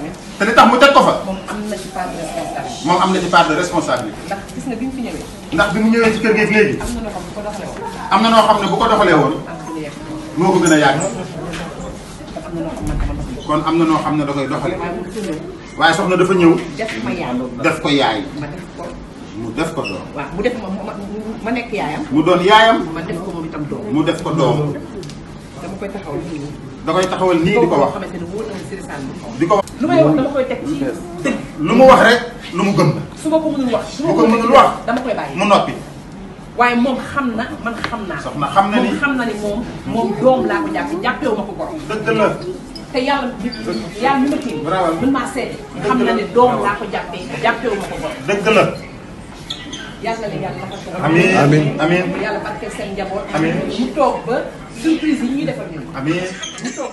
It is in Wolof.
tamit. te li tax mu teg ko fa. moom am na ci part de responsabilité. moom am na ci part de ndax gis nga bi mu fi ñëwee. ndax bi mu ñëwee ci kër gi léegi. am na noo xam ne bu ko doxalee woon. na noo xam ne bu ko doxalee woon. moo ko gën a yàgg. kon am na noo xam ne da koy doxalee. waaye soxna dafa ñëw. def ma def ko yaay. mu def ko doom. mu def ma ma nekk yaayam. mu doon yaayam. ma def ko moom itam doom. mu def ko doom. dama koy taxaw da koy taxawal nii di ko wax di ko wax. lu may wax dama koy teg ci dëgg. lu mu wax rek lu mu gëm la. su ma ko mënul wax su ma ko mënul wax dama koy bàyyi mu noppi. waaye moom xam na man xam naa. soxna xam na ni moom xam na ni moom. moom doom laa ko jàpp jàppewu ma ko borom. dëgg la. te yàlla yàlla mi ma kii. mën maa seet. xam na ne doom laa ko jàppee jàppewu ma ko borom. dëgg la. yàlla na yàlla na ko. amiin amiin yàlla barkeel seen njaboot. amiin mu toog ba. surprise yi ñuy defal ñun. amiin